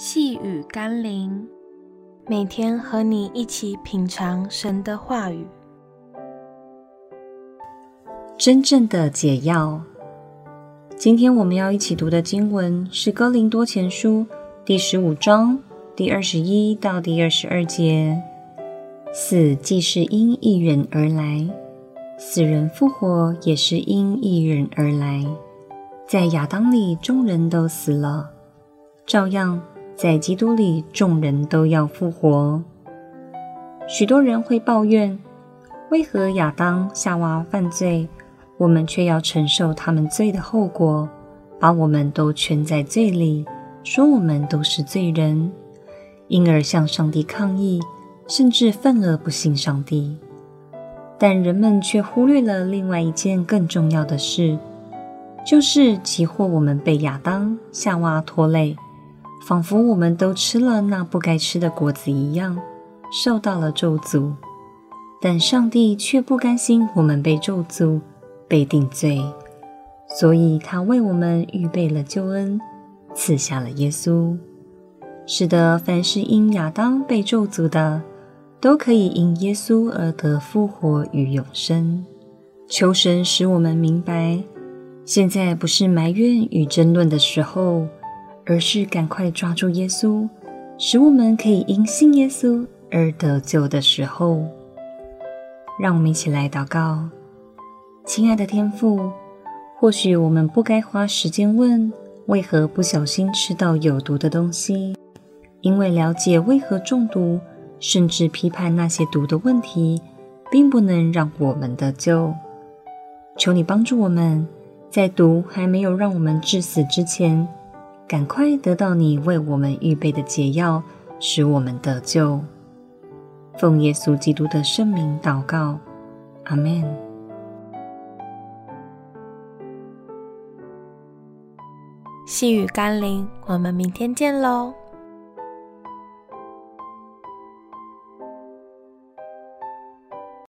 細語甘霖，每天和你一起品嚐神的話語。真正的解藥。今天我們要一起讀的經文是《哥林多前書》第十五章第二十一到第二十二節。死既是因一人而來，死人復活也是因一人而來。在亞當裡，眾人都死了，照樣。在基督裡，眾人都要復活。許多人會抱怨：為何亞當、夏娃犯罪，我們卻要承受他們罪的後果，把我們都圈在罪裡，說我們都是罪人，因而向上帝抗議，甚至憤而不信上帝？但人們卻忽略了另外一件更重要的事，就是即或我們被亞當、夏娃拖累。仿佛我們都吃了那不該吃的果子一樣，受到了咒詛。但上帝卻不甘心我們被咒詛、被定罪，所以他為我們預備了救恩，賜下了耶穌，使得凡是因亞當被咒詛的，都可以因耶穌而得復活與永生。求神使我們明白，現在不是埋怨與爭論的時候。而是趕快抓住耶穌，使我們可以因信耶穌而得救的時候。讓我們一起來禱告。親愛的天父，或許我們不該花時間問為何不小心吃到有毒的東西，因為了解為何中毒，甚至批判那些毒的問題，並不能讓我們得救。求你幫助我們，在毒還沒有讓我們致死之前，趕快得到你為我們預備的解藥，使我們得救。奉耶穌基督的聖名禱告，阿門。細語甘霖，我們明天見嘍。